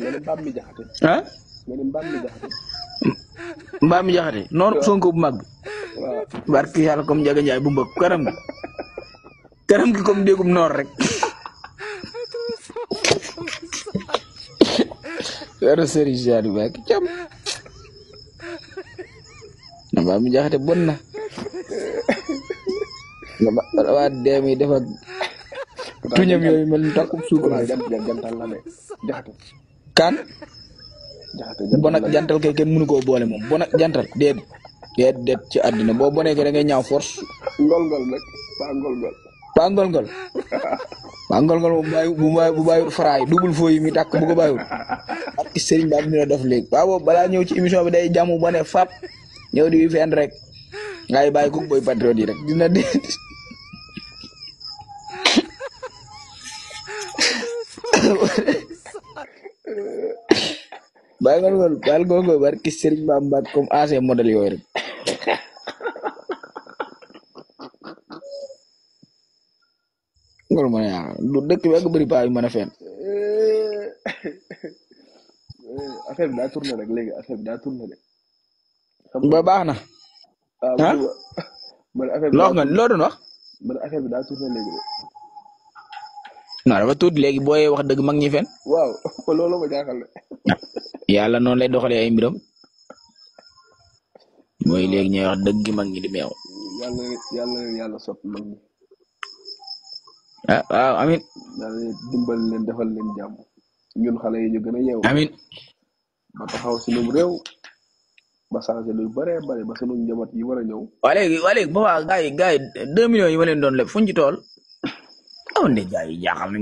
ah. mbaam mi jaxate noonu sonko bu mag bi. barki yàlla comme Ndiaga Ndiaye bu mbëg karam gi karam gi comme déggum noor rek. wala Serigne Sall bi ak cam. mbaam mi jaxate bon na. nga ba waa deem yi def ak tuñam yooyu mel ni takku suukar. kan bon ak jantal kay kenn mënu koo boole moom bon ak jantal déet déet ci àddina boo bonee ke da ngay ñaaw force ngol-ngol nag paa ngol-ngol paa ngol-ngol paa bu bàyyi faraay double foo yi mi tàkk bu ko bàyyiwul ak sëriñ baa dina def léegi waaw boobu balaa ñëw ci émission bi day jàmm ba ne fap ñëw di fenn rek ngay bàyyi ko boy patriote rek dina déet bàyyi nga ko bàyyi nga ko barki Serigne comme AC modèle yooyu rek. loolu mooy lu ah, dëkk ba baax na. ah man affaire bi wax. man affaire bi daa tourné léegi. non dafa tuuti léegi booyee wax dëgg mag ñi fen. waaw looloo ma jaaxal. yàlla noon lay doxalee ay mbiram mooy léegi ñuy wax dëgg mag ñi di meew. yàlla yàlla yàlla soppi mag ah, waaw amin. yàlla leen defal leen jàmm ñun xale yi ñu gën a yeew. amin ba taxaw si lu réew. ba changé lu bare bare ba sunu njaboot yi war a ñëw. waa léegi waa léegi booba gars yi gars yi leen doon leb fuñ ci tool. awoon na gars nañ